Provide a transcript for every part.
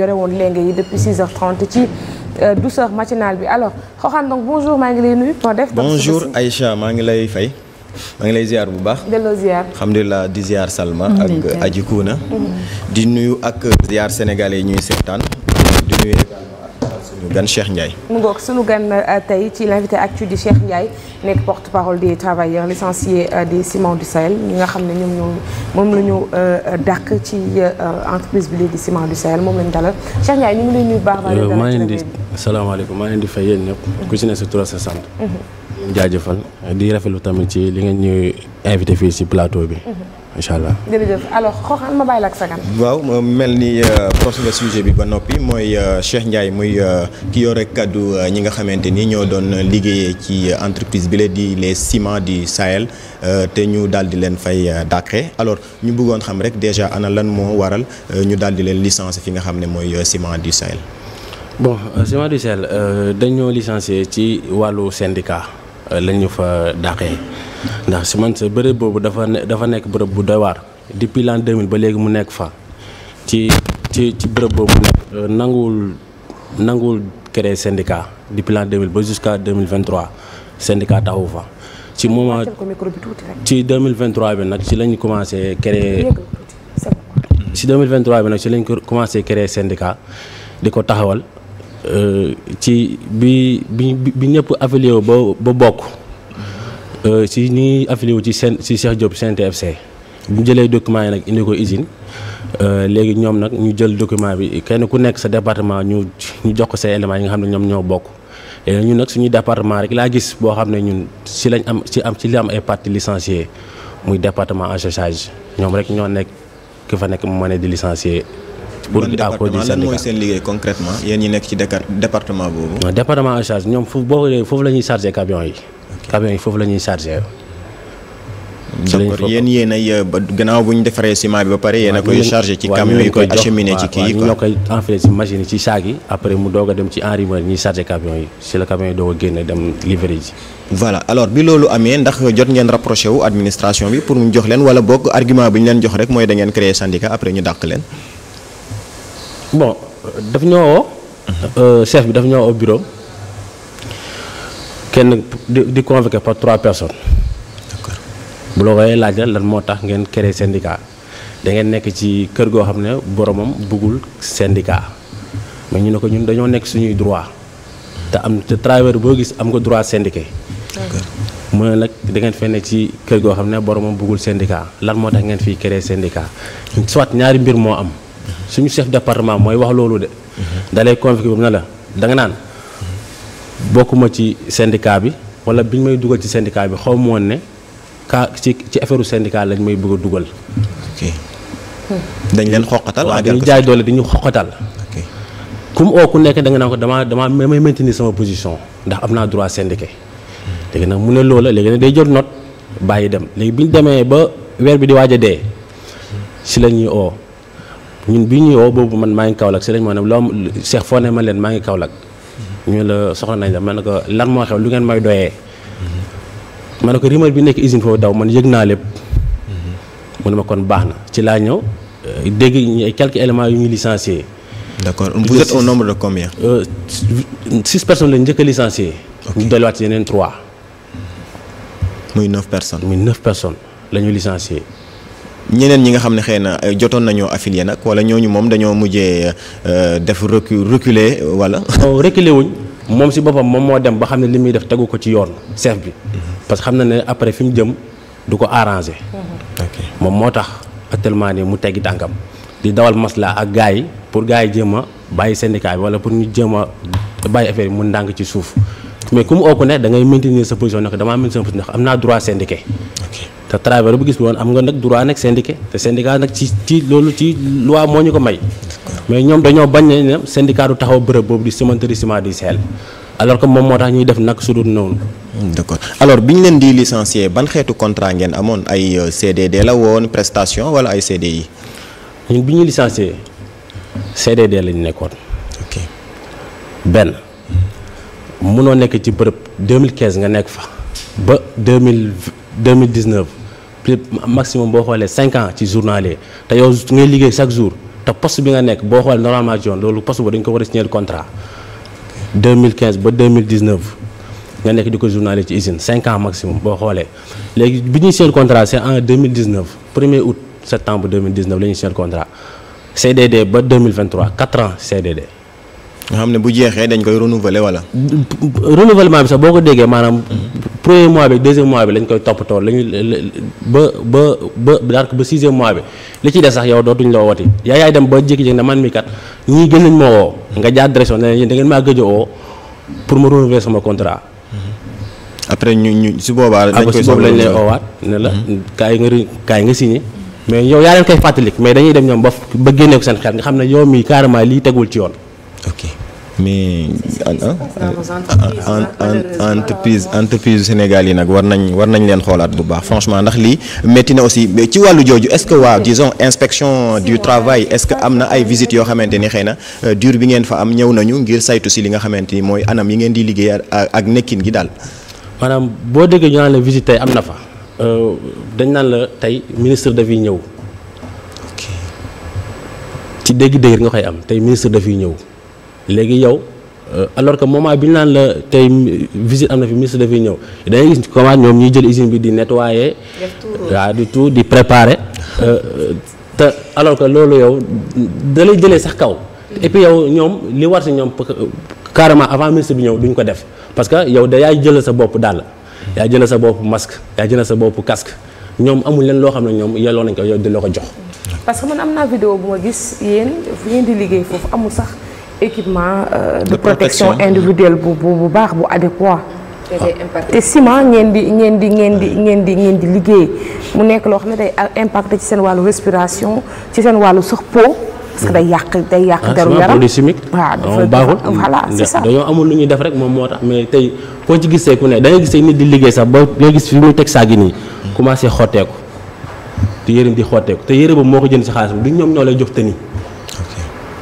yore woon léegi yi depuis 6h30 ci euh, douceur matinale bi alors Xooxaan donc bonjour maa ngi lay nuyu. noo def bonjour Aïcha maa ngi lay fay maa ngi lay ziar bu baax. delloo ziar alhamdulilah di ziar Salma. ak Aji Kuna. Mhm. di nuyu ak ziar sénégalais yi ñuy seetaan. di nuyu suñu gan Cheikh Ndiaye. mu ngoog suñu gan euh, tey ci l'invité actu di Cheikh Ndiaye nekk porte parole des travailleurs licenciés euh, des ciments du Sahel ñi nga xam ne ñoom ñoo moom la ñu euh, dàq ci entreprise bi di ciment du Sahel moom la ñu dalal Cheikh Ndiaye ñu ngi lay nuyu baax baax. yow maa ngi leen di salaamaaleykum maa ngi leen di fay yéen ñëpp mhm. ku ci ne sa tur sa sant. ñu mhm. jaajëfal di rafetlu tamit ci li nga ñuy invité fii ci plateau bi. Mhm. incha allah alors waaw mel ni euh, proche nga sujet bi ba noppi mooy euh, Cheikh Ndiaye muy euh, ki yor rek kàddu ñi nga xamante ni ñoo doon liggéeyee ci entreprise bi la di les ciments du Sahel te ñu daal di leen fay dàqe alors ñu bëggoon xam rek déjà ana lan moo waral ñu daal di leen licencié fi nga xam ne mooy ciment di Sahel. bon ciment du Sahel dañoo licencié ci wàllu syndicat lañu fa dàqee. ndax si man sa bërëb boobu dafa dafa nekk bërëb bu doy waar depuis l'an ba léegi mu nekk fa ci ci ci bërëb boobu nekk euh, nanguwul nanguwul créer syndicat depuis l'an 2000 ba jusqu'à 2023 syndicat taxawu fa ci moment ci 2023 bi nag ci lañu commencé créer ci 2023 bi nag ci lañ commencé créer syndicat di ko taxawal euh, ci bi bi bi ñëpp affilié ba ba bokk Euh, si ni ngi wu ci seen si Cheikh Diop CNTFC bu ñu jëlee document yi nag indi ko usine euh, léegi ñoom nag ñu jël document bi kenn ku nekk sa département ñu ñu jox ko say éléments yi nga xam ne ñoom ñoo bokk léegi ñun nag suñuy département rek laa gis boo xam ne ñun si lañ am si am si li am ay parties licenciées muy département asséchage ñoom rek ñoo nekk fa nekk mu ne di licencié. pour di àqu di yéen ñi nekk ci département boobu. département asséchage ñoom foofu boo xoolee foofu la ñuy chargé camion yi. camion yi foofu la ñuy chargé. d'accord yéen yéen ay euh, gannaaw bu ñu defaree ciment bi ba pare yéen koy chargé ci camion yi koy acheminé ci kii yi quoi ñoo koy enfilé ci machine yi ci saag yi après mu doog a dem ci enrimeur ñuy chargé camion yi si la camion yi doog a génne dem livré ji voilà alors bi loolu amee ndax jot ngeen rapproché wu administration bi pour mu jox leen wala boog argument bi ñu leen jox rek mooy da ngeen créé syndicat après ñu dàq leen bon euh, mhm. euh, bi daf ñoo woo kenn di di convoqué par trois personnes. d'accord bu la koy laaj lan moo tax ngeen créé syndicat da ngeen nekk ci kër goo xam ne boromam buggul syndicat mais ñu ne ko ñun dañoo nekk suñuy droit te am te travailleur boo gis am nga droit syndiqué. mu ne nag da ngeen fee ne ci kër goo xam ne boromam buggul syndicat lan moo tax ngeen fiy créer syndicat soit ñaari mbir moo am suñu chef département mooy wax loolu de. Mhm. da lay convoqué ba mu ne la da nga naan. bokkuma ci syndicat bi wala biñ may dugal ci syndicat bi xaw ma woon ne kaa ci ci affaire syndicat lañ may bëgg a dugal. ok dañ leen xoqatal. waaw dañu jaay doole dañu xoqatal. comme oo ku nekk da nga naan ko damaa damaa may maintenir sama position ndax am naa droit syndiqué léegi nag mu ne loola léegi nag day jël note bàyyi dem léegi bi ñu demee ba weer bi di waaja a dee si la ñuy oo ñun bi ñuy oo boobu man maa ngi Kaolack si lañ moo ne loo Cheikh foo ne ma leen maa ngi Kaolack. ñu la soxla nañ la man ne ko lan moo xew lu ngeen may doyee ma ne ko rumeur bi nekk usine foofu daw man yëg naa lépp mu ne ma kon baax na ci laa ñëw dégg quelques éléments yu ñu licencié. d'accord vous êtes au nombre de combien. Euh, six personnes la njëkk a licencié. ñu dolliwaat yeneen trois. muy neuf personnes. muy neuf personnes la ñu licencié. ñeneen ñi nga xam ne xëy na euh, jotoon nañoo affilié nag wala ñooñu moom dañoo mujjee euh, def recu reculer wala. reculer wuñ moom si boppam moom moo dem ba xam ne li muy def tegu ko ci yoon chef bi mm-hmm. parce que xam na ne après fi mu jëm du ko arrangé. Mm-hmm. moom moo tax actuellement nii mu teggi tànkam di dawal masla ak gars yi pour gars yi jéem a bàyyi syndicat bi wala pour ñu jéem a bàyyi affaire yi mu ndànk ci suuf mais ku mu oo ku ne da ngay maintenir sa position nag damaa maintenir naa droit syndiqué. te travailleur bu gis woon am nga nag droit nag syndiqué te syndicat nag ci ci loolu ci loi moo ñu ko may mais ñoom dañoo bañ ne syndicat du taxaw bërëb boobu di cimenterie ciment di seel alors que moom moo tax ñuy def nag su dul noonu hmm, d'accord alors bi ñu leen di licencier ban xeetu contrat ngeen amoon ay euh, CDD la woon prestation wala ay CDI ñun bi ñuy licencier CDD lañu nekkoon ok benn munoo nekk ci bërëb 2015 nga nekk fa ba 2019 peut être maximum boo xoolee 5 ans ci journalier te yow ngay liggéey chaque jour te poste bi nga nekk boo xoolee normalement ci yoon loolu poste boobu dañ ko war a signer contrat 2015 ba 2019 nga nekk di ko journalier ci usine 5 ans maximum boo xoolee léegi bi ñuy signer contrat c' est en 2019 1er août septembre 2019 la ñuy signer contrat CDD ba 2023 4 ans CDD. nga xam ne bu jeexee dañ koy renouveler wala. renouvellement bi sax boo ko déggee maanaam. premier mois bi deuxième mois bi lañ koy toppatoo lañu ba ba ba daanaka ba sixième mois bi li ci des sax yow dootuñ la wooti yaa yaay dem ba jékki-jékki ne man mi kat ñii gën nañ ma woo. nga jaar direction ne leen da ngeen maa gëj a woo pour ma renouveler sama contrat. après ñu ñu si boobaa. dañ ah, koy soxla lañ lay oowaat ne la mhm. kaay nga kaay nga signé. mais yow yaa leen koy fàttalik mais dañuy dem ñoom ba ba génne ko seen xel nga xam ne yow mii carrément lii tegul ci yoon. ok mais entreprise entreprise Sénégal yi nag war nañ war nañ leen xoolaat bu baax franchement ndax lii métti na aussi ci wàllu jooju est-ce que waaw disons inspection du travail est-ce que am na ay visites yoo xamante ni xëy na euh, dur bi ngeen fa am ñëw nañu ngir saytu si li nga xamante ni mooy anam yi ngeen di liggéey ak nekkin gi daal. maanaam boo déggee ñu naan la visite tey am na fa. Euh, dañ naan la tey ministre dafiy ñëw. ci dégg-dégg nga koy am tey ministre dafiy ñëw. léegi yow euh, alors que moment bi ñu naan la tey visite am na fi ministre dafay ñëw dangay gis comment ñoom ñuy jël usine bi di nettoyer. waaw di tout di préparer. Euh, te alors que loolu yow da lay jëlee sax kaw. et puis yow ñoom li war si ñoom carrément avant ministre bi ñëw duñ ko def parce que yow da yaay jëlal sa bopp dàll. yaa jëlal sa bopp masque yaa jëlal sa bopp casque ñoom amul leen loo xam ne ñoom yelloo nañ ko yow di la ko jox. parce que am naa vidéo bu ma gis yéen équipement euh, de protection individuelle bu bu bu baax bu adéquat te ciment ngeen di ngeen di ngeen di ngeen di ngeen di liggéey mu nekk loo xam ne day impacte ci seen wàllu respiration ci seen wàllu sax peau parce que day yàq day yàq ah, deru yaram produit chimique waaw ah, baaxul voilà c'est ça dañoo amul lu ñuy def rek moom moo tax mais tey koo ci ne da ngay gisee nit di liggéey sax ba nga gis fi teg saa gi nii commencé xotteeku te yërëm di xotteeku te yërëm boobu moo ko jënd si xaalis bi du ñoom ñoo lay jox te nii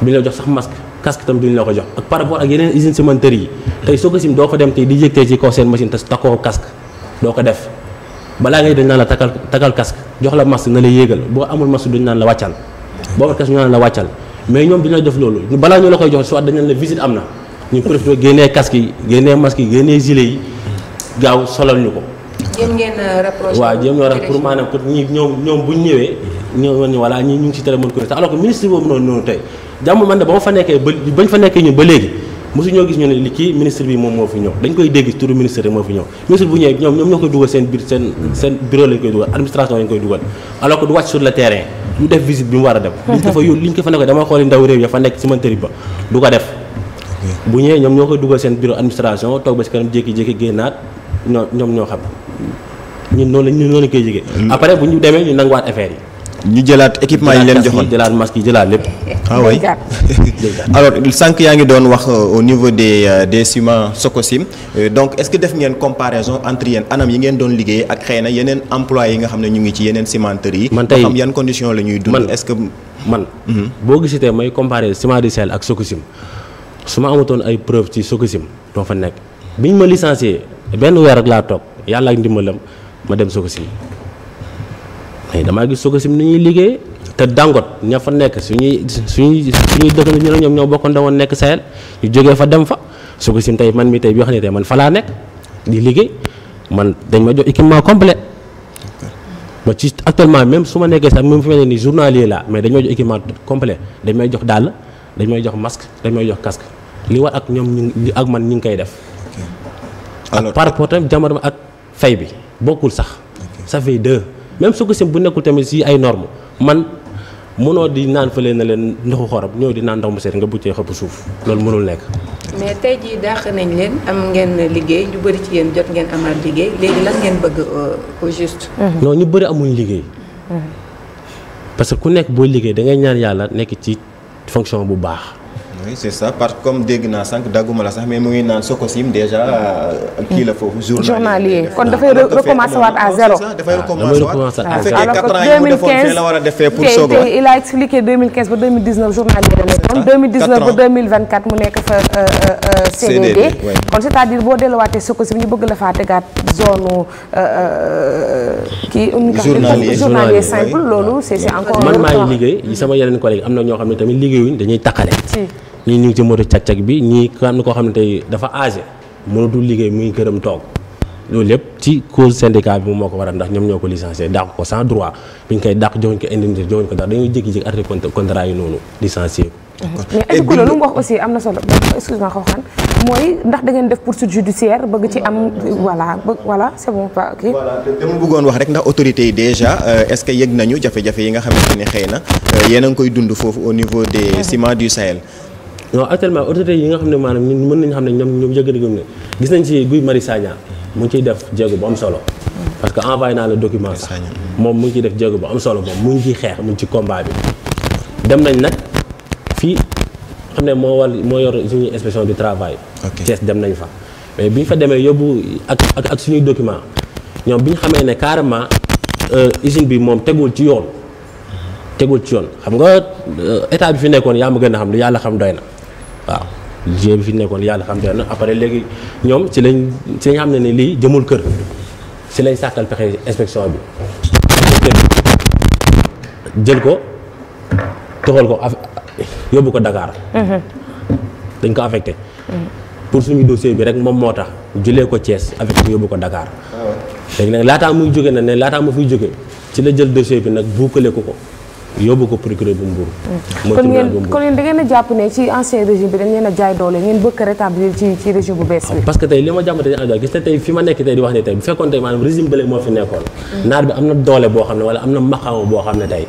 bi ñu jox sax masque casque tam duñ la ko jox ak par rapport ak yeneen usine cimenterie yi tey soo ko sim doo fa doo ko def balaa ngay dañ naan la takal takal casque jox la masque na la yéegal boo amul masque duñ naan la wàccal boo amul casque ñu mais ñoom duñu def loolu balaa ñu la koy jox soit dañ naan la visite am na génnee casque yi génnee masque yi génnee gilet yi gaaw solal ñu ko jéem ngeen rapproché waaw jéem ñoo rek pour maanaam pour ñi ñoom ñoom buñ ñëwee ñëwoon ñu voilà ñi ñu ngi si téléphone ko alors que ministre boobu noonu tey jàmm man de ba ma fa nekkee ba bañ fa nekkee ñun ba léegi mosu ñoo gis ñu ne li kii ministre bi moom moo fi ñëw dañ koy dégg turu ministre rek moo fi ñëw ministre bu ñëwee ñoom ñoom ñoo koy dugal seen biir seen seen bureau lañ administration lañ koy dugal alors que du wàcc sur le terrain du def visite bi mu war a def liñ ko fa yóbbu liñ ko fa nekk dama xooli ndaw réew ya fa nekk ci mantari ba du ko def bu ñëwee ñoom ñoo koy dugal seen bureau administration toog ba ci kanam jékki-jékki génnaat ñoo ñoom ñoo xam ñun noonu lañ noonu lañ koy jege mm. après bu ñu demee ñu nanguwaat affaire yi ñu jëlaat équipement yi leen joxoon jëlaat masque yi jëlaat lépp ah oui alors yaa ngi doon wax euh, au niveau des euh, des ciments Sococim euh, donc est-ce que def ngeen comparaison entre yéen anam yi ngeen doon liggéey ak xëy na yeneen employés yi nga xam ne ñu ngi ci yeneen cimenteries yi. man tey xam yan conditions la ñuy dund. que man. Mhm. boo gisee tey may comparer ciment du sel ak Sococim su ma amatoon ay preuve ci Sococim doo fa nekk bi biñ ma licencié benn weer ak laa toog yàlla ak ndimbalam ma dem Sococim mais damaa gis Sococim ni ñuy liggéey. te dangot ña fa nekk su ñuy suñuy dëkk ñu ne ñoom ñoo bokkoon woon nekk Sahel ñu jógee fa dem fa su ko tey man mi tey bi nga xam ne tey man fa laa nekk di liggéey man dañ ma jox équipement complet ma ci actuellement même su ma nekkee sax même fi ma ne nii la mais dañ may jox équipement complet dañ may jox dàll dañ may jox masque dañ may jox casque li war ak ñoom ñu li ak man ñu ngi koy def. alors par rapport tamit jamono ak fay bi bokkul sax. sa fait deux même su ko bu nekkul tamit si ay normes man. mënoo di naan leen na leen ndoxu xorom ñëw di naan ndox mu set nga buccee xëpp suuf loolu mënul nekk. mais tey jii dàq nañ leen am ngeen liggéey ñu bëri ci yéen jot ngeen amaat liggéey léegi lan ngeen bëgg euh, au juste. Mhm. non ñu bëri amuñ liggéey. Mhm. parce que ku nekk boo liggéey da ngay ñaan yàlla nekk ci fonction bu baax. oui c'est parce que comme dégg naa sànq dagguma la sax mais mu ngi naan Sococim déjà. Euh, kii la hmm. foofu journalier. kon ah, dafay recommencer waat à zéro. dafay ah, recommencer waat à zéro alors que 2015 la war a defee pour soog a il a expliqué 2015 ba 2019 journalier la nekkoon. 2019 ba 2024 mu nekk kon c'est-à-dire boo delluwaatee Sococim ñu bëgg la faa tegaat zone euh, euh, kii. journalier journalier simple sama yeneen collègue am na ñoo xam ne tamit liggéeyuñ dañuy takkale. nii ñu ngi ci moto cag-cag bi ñii am na koo xam ne tey dafa âgé mënatul liggéey muy këram toog loolu lépp ci cause syndicat bi moom moo ko waral ndax ñoom ñoo ko licencié dàq ko sans droit bi ñu koy dàq joxuñ ko indemnité joxuñ ko dara dañuy jékki-jékki arrêté contrat yi noonu licencié mais est-ce que loolu mu wax aussi am na solo excuse-moi mooy ndax da ngeen def poursuite judiciaire bëgg ci am voilà voilà c'est bon pas ok bëggoon wax rek ndax autorité yi déjà euh, est-ce que yëg nañu jafe-jafe yi nga xamante ne xëy na euh, yéen a ngi koy dund foofu au niveau des ciments du Sahel non actuellement autorités yi nga xam ne maanaam ñun mën nañu xam ne ñoom ñoom yëg nañu ne gis Guy Marius Sagna mu ngi ciy def jéego bu am solo parce que envoyé naa le document sax moom mu ngi ciy def jéego bu am solo moom mu ngi ciy xeex mu ngi ci combat bi dem nañ nag fii xam ne moo war moo yor suñu inspection du travail Thiès dem nañ fa mais bi ñu fa demee yóbbu ak ak ak suñuy document ñoom bi ñu xamee ne carrément euh, usine bi moom tegul ci yoon tegul ci yoon xam nga euh, état bi fi nekkoon yaa ma gën a xam lu yàlla xam doy na waaw liggéey bi fi nekkoon yàlla xam te na après léegi ñoom ci lañ ci lañ xam ne ne lii jëmul kër ci lañ sàkkal pexe inspection bi jël ko toxal ko yóbbu ko dakaar mhm. dañ ko affecté mhm. pour suñu dossier bi rek moom moo tax julee ko cees affecté ko yóbbu ko dakaar ah léegi nag laataa muy jóge na ne laataa mu fiy jóge ci la jël dossier bi nag buukale ko ko yóbbu ko procureur bu Mbour. Mm. mooy kon yéen da ngeen a jàpp ne ci ancien régime bi dañ leen a jaay doole ngeen bëgg a régime bu bees bi. parce que tey li ma jàpp tey mm. am na doole boo xam ne wala am na maqaama boo xam ne tey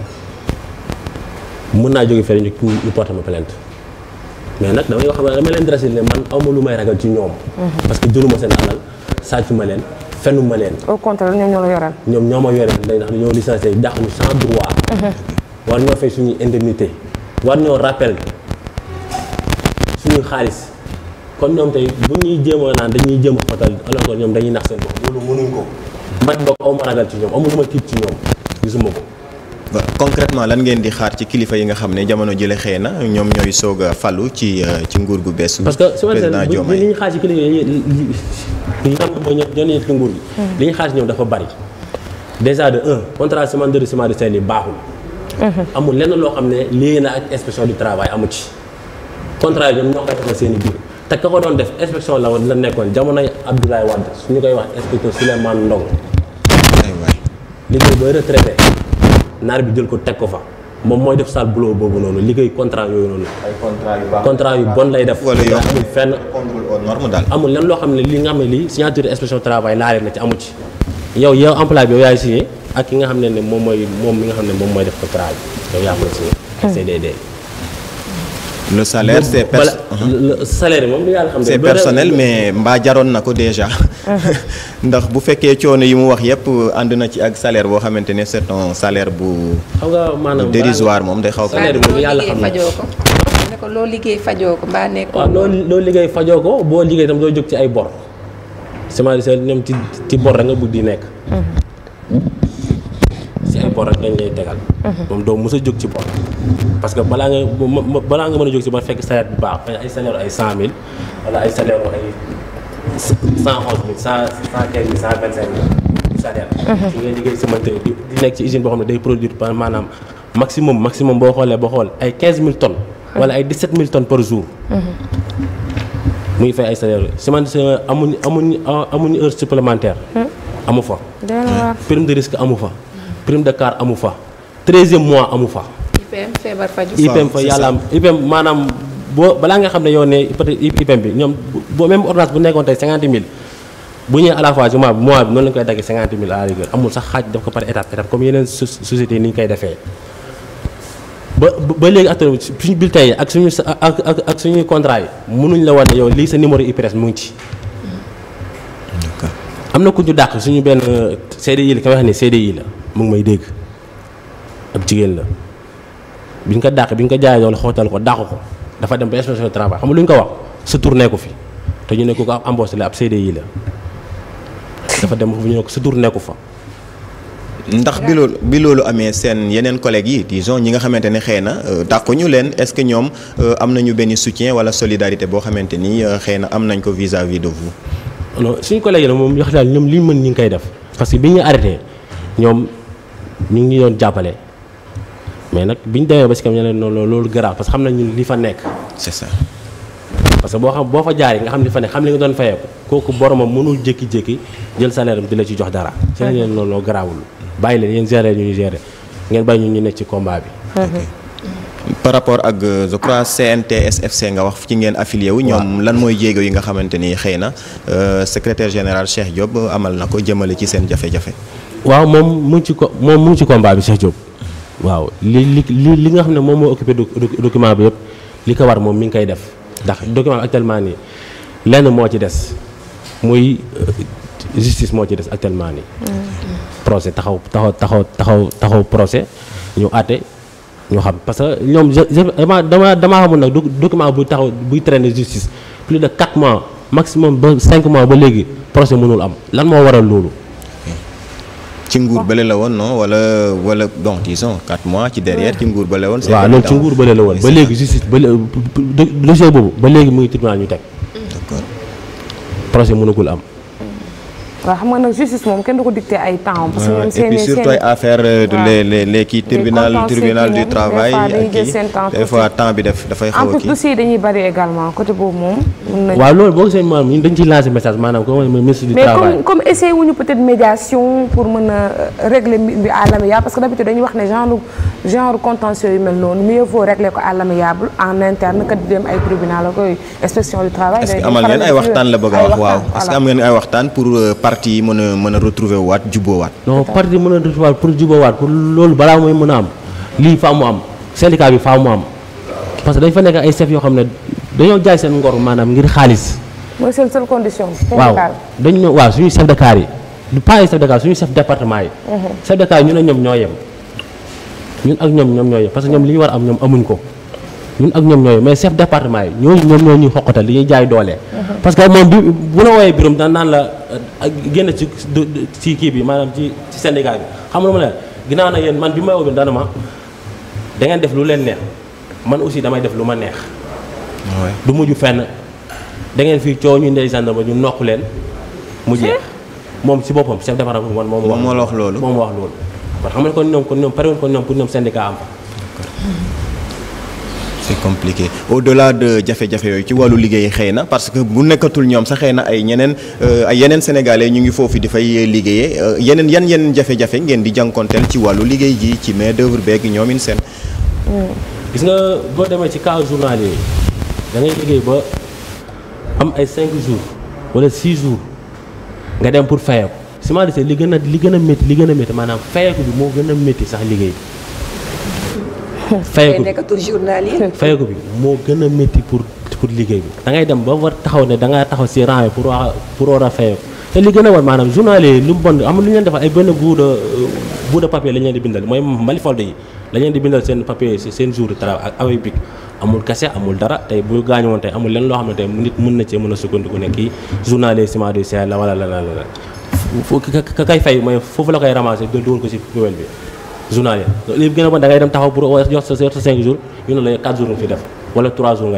mën naa jóge fële ñu ñu ma plainte mais nag damay wax dama leen dressé ne man aw lu may ragal ci ñoom. Mm-hmm. parce que jëluma seen alal sàccu ma leen fennu leen. au contraire ñoom ñoo ma yoral ndax dañoo ñu sans war ñoo fay suñuy indemnité war ñoo rappel suñuy xaalis kon ñoom tey bu ñuy jéemoo naan dañuy jéem a xotal alors ñoom dañuy nax seen bopp loolu ko man boog aw ma ragal ci ñoom amul lu tiit ci ñoom gisuma ko. concretement lan ngeen di xaar ci kilifa yi nga xam ne jamono jële xëy na ñoom ñooy soog a fallu ci euh, ci nguur gu bees. parce que su ma li ñu xaar ci kilifa yi nguur gi. Hmm. li ñu ñoom dafa bari. déjà de un contrat semaine de semaine de seen yi baaxul. Mm-hmm. amul lenn loo xam ne li na ak inspection du travail amu ci contrat yi ñoom ñoo koy defal seen i biir ko doon def inspection la la nekkoon jamonoy Abdoulaye Wade suñu koy wax inspecteur Souleymane Ndong liggéey booy retraité naar bi jël ko teg ko fa moom mooy def sale boulot boobu noonu liggéey contrat yooyu noonu. ay contrat yu baax contrat yu bon lay def. wala yoo amul fenn amul lenn loo xam ne li nga xam ne lii signature inspection travail laale na ci amu ci. yow yow employé bi yow yaay signé. ak ki nga xam ne ne moom mooy moom mi nga xam ne moom mooy def ko bi yow yaa koy signé ak hmm. CDD le salaire c' est pers personnel mais mbaa jaroon na ko déjà. Uh-huh. ndax bu fekkee coono yi mu wax yëpp uh, ànd na ci ak salaire boo xamante ne c' est un bu. xam nga maanaam dérisoire moom day xaw. salaire yàlla xam na ko loo liggéey fajoo ko mbaa nekk. waaw loo liggéey fajoo ko boo liggéey itam doo jóg ci ay bor semence ñoom ci ci bor rek bugg di nekk. Uh-huh. port rek lañ lay tegal. Mhm. moom doo mës a jóg ci port. parce que balaa nga balaa nga mën a jóg ci port fekk salaire bi baax ay salaire ay cent mille wala ay salaire ay mhm. di nekk ci usine boo xam ne day produire par maanaam maximum maximum boo xoolee boo xool ay quinze mille tonnes. Mhm. wala ay dix sept mille tonnes par jour. muy fay ay salaire semaine amuñ amuñ amuñ heure supplémentaire. amu fa. permis de risque amu fa. prime de car amu fa treizième mois amu fa. IPM feebar faju IPM fa yàlla am IPM maanaam boo balaa nga xam ne yow ne peut être IPM bi ñoom boo même ordonnance bu nekkoon tey cinquante mille bu ñëwee à la mois bi mois noonu la ñu koy daggee cinquante mille à la rigueur amul sax xaaj daf ko par étape étape ñu koy defee. ba ba léegi actuellement suñu bulletin ak suñu ak ak ak suñuy contrat mënuñ la wan ne yow lii sa numéro IPRES mu ngi ci. am na ku ñu dàq suñu benn euh, CDI la ka wax ne CDI la. mu ngi may dégg ab jigéen la biñ ko dàq biñ ko jaay doole xootal ko dàq ko dafa dem ba inspection du travail xam nga lu ñu ko wax sa tournée ko fi te ñu ne ko ko am embauché la ab CDI la dafa dem foofu ñu ne ko sa tournée fa. ndax bi loolu bi loolu amee seen yeneen collègues yi disons ñi nga xamante ne xëy na euh, dàquñu leen est-ce que ñoom euh, am nañu benn soutien walla solidarité boo xamante ni euh, xëy na am nañ ko vis-à-vis de vous. non suñu collègues yi nag moom wax daal ñoom li mën ñu koy def parce bi ñu arrêté ñoom ñu ngi doon jàppale mais nag bi ñu demee ba si kam ñu ne noonu loolu grave parce que xam nañ ñun li fa nekk. c'est parce que boo xam boo fa jaaree nga xam li fa nekk xam li nga doon fayeeku kooku boromam mënul jékki-jékki jël salaire am di la ci jox dara. seen leen loolu garaawul bàyyi leen yéen gérer ñu ñu gérer ngeen bàyyi ñu ñu nekk ci kombaa bi. par rapport ak euh, je crois CNTSFC nga wax ci ngeen affilié wu. ñoom lan mooy jéego yi nga xamante ni xëy na euh, secretaire général Cheikh Diop amal na ko jëmale ci seen jafe-jafe. waaw moom mu ci ko moom mu ngi ci combat bi Cheikh Diop waaw li li li li nga xam ne moom moo occupé document bi yëpp li ko war moom mi ngi koy def ndax document bi actuellement nii lenn moo ci des muy euh, justice moo ci des actuellement nii. procès taxaw taxaw taxaw taxaw taxaw procès ñu àtte ñu xam parce que ñoom dama dama damaa xamul nag document buy taxaw buy traîner justice plus de 4 mois maximum ba 5 mois ba léegi procès mënul am lan moo waral loolu. ci nguur bële la woon non wala wala donc disons quatre mois ci derrière ci nguur bële woon. waaw loolu ci nguur lee la woon ba léegi justice ba euh, dossier boobu ba léegi mu ngi tribunal ñu teg. d'accord projet mënagul am. waaw xam nga nag justice moom kenn du ko dicté ay temps. parce que ñoom seen i euh, tribunal tribunal du travail a dañuy bari également côté boobu moom. mun nañu waaw dañ ciy lancer message maanaam comme ministre du travail. mais comme euh, parce que d'habitude wax ne genre genre yu mel noonu mieux vaut régler ko à en interne que di dem ay tribunal ak ay inspection du travail. est que amal ngeen ay waxtaan la bëgg wax waaw est que am ngeen ay waxtaan euh, parti yi mën a mën a retrouver waat jubboowaat. non parti mën a retrouver pour jubboowaat pour loolu balaa mooy mën a am lii faa mu am syndicat bi faa am parce dañ fa nekk ay chef yoo xam ne dañoo jaay seen ngor maanaam ngir xaalis. waaw dañ ne waaw suñu chef de car yi du pas ay chef de car suñu chef département yi. Mhm. chef de yi ñun ak ñoom ñoo yem ñun ak ñoom ñoom ñoo yem ñoom li ñu war am ñoom amuñ ko. ñun ak ñoom ñooy mais chef département yi ñooñu ñoom ñoo ñuy xoqatal li ñuy jaay doole. parce que moom bi bu la wooyee biram daan naan la euh, génn ci kii bi maanaam ci ci xam nga lu ma ne ginnaaw na yéen man bi may woo dana ma da ngeen def lu leen neex man aussi damay def lu ma neex. du mujj fenn da ngeen fii coow ñu ndey gendarme ñu nokk leen mu jeex moom si boppam chef département man moom. moo la wax loolu moom wax loolu. kon xam nga kon ñoom kon ñoom pare woon kon ñoom pour ñoom syndicat am. c'est compliqué au-delà de jafe-jafe yooyu ci wàllu liggéey xëy na parce que bu nekkatul ñoom sax xëy na ay ñeneen euh, ay yeneen sénégalais ñu ngi foofu di fay liggéeyee euh, yeneen yan yeneen jafe-jafe ngeen di jànkonteel ci wàllu liggéey ji ci main d'œuvre beeg ñoomin seen. gis nga boo demee ci cas journal yooyu da ngay liggéey ba am ay cinq jours walla 6 jours nga dem pour fayeeku. si ma li gën a li gën a métti li gën a métti maanaam fayeeku bi moo gën a métti sax liggéey fayeku bi fayeku bi moo gën a métti pour pour liggéey bi da ngay dem ba war taxaw ne da taxaw si rang pour wax pour war a fayeku te li gën a war maanaam journal lu mu bon am lu ñu leen ay benn bout de euh, bout de leen bindal mooy mbalifolde yi la leen bindal seen papier seen jour de travail ak avec bic amul kase amul dara tey bu gaañu woon tey amul lenn loo xam ne tey nit mën na cee mën a sukkandiku ne kii journal yi ciment du ciel la wala la la journalier li gën dem taxaw pour jox sa cinq jours ñu ne la quatre jours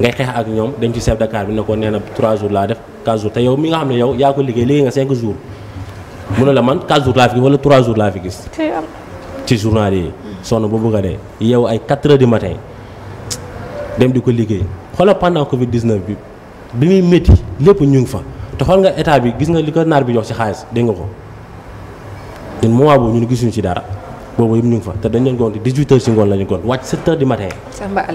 nga ak ñoom dem ci chef nee na trois jours laa def quatre jours te yow mi mu ne la man quatre jours laa wala trois jours laa gis ci journalier yi sonn bu bëgg yow ay 4 heures matin dem di ko liggéey xoolal pendant covid 19 bi bi muy métti lépp ñu ngi fa te xool nga état bi gis nga li ko naar bi jox ci xaalis dégg nga ko ñun moment boobu ñun gisuñu ci dara boobu yëpp ñu fa te dañ leen gont 18 heures si ngoon la ñu gont wàcc 7 heures du matin. Samba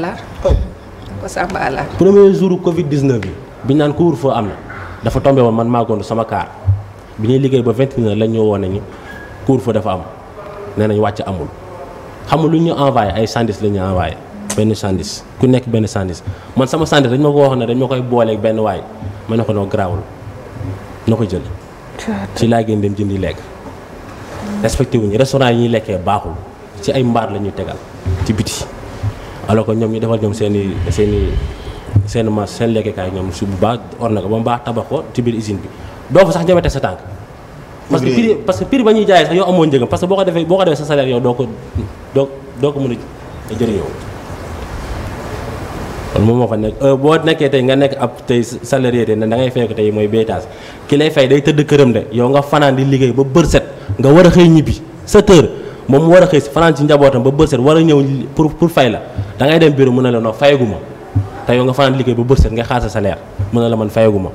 oh. premier jour Covid 19 bi. bi naan couvre foo am na dafa tombé woon man maa gont sama kaar bi ñuy liggéey ba 21 heures lañ ñu woon nañu couvre foo dafa am nee nañ wàcc amul xamul lu ñu envoyé ay sandis la ñu envoyé benn sandis ku nekk benn sandis man sama sandis dañ ma ko wax ne dañ ma koy booleeg benn waay ma ne ko noo garaawul na ko jël. ci laa gën dem jëndi lekk. respecté wuñu restaurant yi ñuy lekkee baaxul ci ay mbaar la ñuy tegal ci biti alors que ñoom ñu defal ñoom seen i seen i ma seen lekkekaay ñoom su bu baax or na ko ba mu baax tabax ko ci biir usine bi doo fa sax ñeme teg sa tànk parce que prix parce que prix ba ñuy jaayee sax yow amoo njëgam parce que boo ko defee boo ko defee sa salaire yow doo ko doo doo ko mën a jëriñoo loolu moom moo fa nekk boo nekkee tey nga nekk ab tey salarié te ne dangay ngay fekk tey mooy béytaas ki lay fay day tëdd këram de yow nga fanaan di liggéey ba bër set nga war a xëy ñibbi 7 heures moom mu war a xëy si fanaan si njabootam ba bër set war a ñëw pour pour fay la da ngay dem bureau mu na la non fayagu te yow nga fanaan liggéey ba bër set nga xaar sa salaire mu ne la man fayagu ma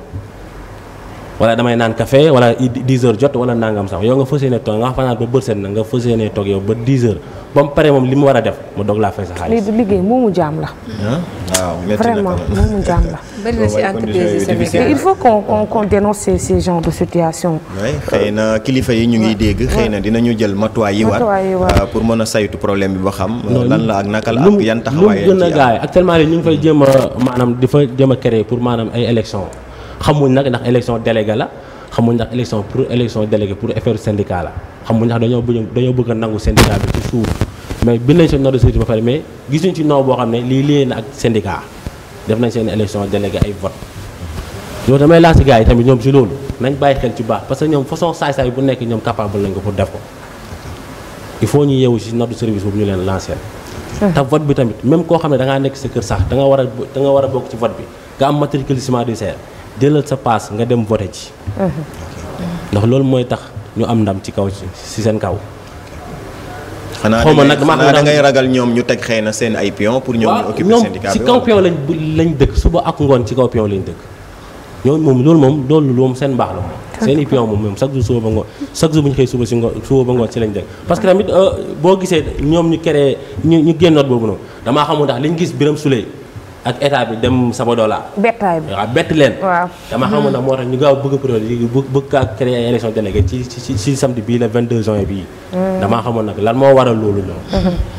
wala damay naan café wala 10 heures jot wala nangam sax yow nga fas yéene toog nga na nga fas yéene toog yow ba 10 heures ba mu pare moom li mu war a def mu doog laa fay sa xaalis. lii du liggéey moomu jaam la. Ah? waaw métti na xëy na kilifa yi ñu ngi dégg. xëy na dinañu jël matuwaay yi war euh, pour mën a saytu problème bi ba xam. Euh, lan la ak naka la ak yan taxawaay. lu ñu ngi fay jéem maanaam di fa jéem a créer pour maanaam ay élection xamuñ nag ndax élection délégué la xamuñ ndax élection pour élection délégué pour affaire syndicat la xamuñ ndax dañoo bëgg dañoo a nangu syndicat bi ci suuf mais bi nañ seen note de ba pare mais gisuñ boo xam ne lii lié na ak nañ seen élection ay vote loolu damay lancé gars yi tamit ñoom si loolu nañ bàyyi xel ci baax parce que ñoom façon saay-saay bu nekk ñoom capable nañ ko pour def ko il faut ñu yeewu si note de service boobu ñu leen lancé te vote bi tamit même koo xam ne da nekk sa kër sax da nga war a nga war a bokk ci vote bi nga am matriculement jëlal sa paas nga dem voté ci ndox loolu mooy tax ñu am ndam ci kaw ci seen kaw xaw ma nag xanaa da ngay ragal ñoom ñu teg xëy na seen ay pion pour ñoom ñu occuper syndicat bi lañ lañ dëkk suba ak ngoon ci kaw pion lañ dëkk ñoom moom loolu moom loolu moom seen mbaax la moom seen i pion moom moom chaque jour suba ba ngoon chaque jour bu ñu xëy suba si ngoon suba ba ngoon si lañ dëkk parce que tamit euh, boo gisee ñoom ñu kere ñu ñu génnoot boobu noonu damaa xamul ndax liñ gis Birame Souleye ak état bi dem sama doolaa. bettaay bi waaw bett leen. waaw dama xamul hmm. nag moo tax ñu gaaw bëgg produit yi bu bëgg a créer élection déléguée ci ci ci samedi bii le 22 juin bii. Hmm. damaa xamul nag lan moo waral loolu noonu. Hmm.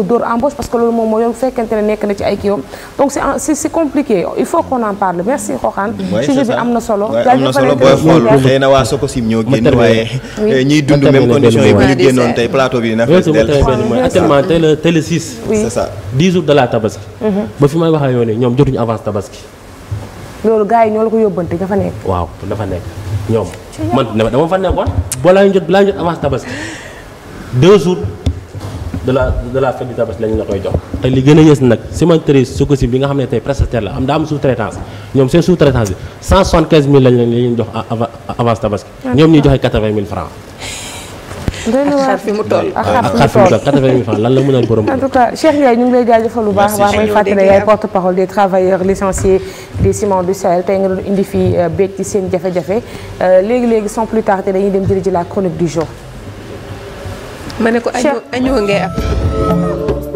ñëw dóor embauche parce que loolu moom mooy yoon fekkente ne nekk na ci ay kii donc c'est c'est compliqué il faut qu'on en parle merci Xoxaan sujet bi am na solo am na na waa soko sim ñoo génn waaye eh, ñiy tey la tey la 6 c'est ça mhm. ba fi may wax ak yow ñoom jotuñu avance tabaski loolu gars yi ñoo la ko yóbbante dafa nekk waaw dafa nekk ñoom man dama fa nekkoon balaa jot balaa ñu jot avance tabaski deux jours de la de la fête de la koy jox te li gën a yées nag cimenterie Sococim bi nga xam ne tey prestataire la am daa am sous-traitance ñoom seen sous-traitance bi 175000 lañ leen leen jox ñoom ñuy joxe 80000 francs ak xar fi mu toll ak xar fi a borom en tout cas Cheikh Ndiaye ñu ngi lu baax a baax may fàttali yaay porte-parole du Sahel tey nga doon indi fii euh, béeg ci seen jafe-jafe euh, léegi-léegi sans plus tarder dañuy dem jëli la chronique du jour ma ne ko añoo añoo ngay am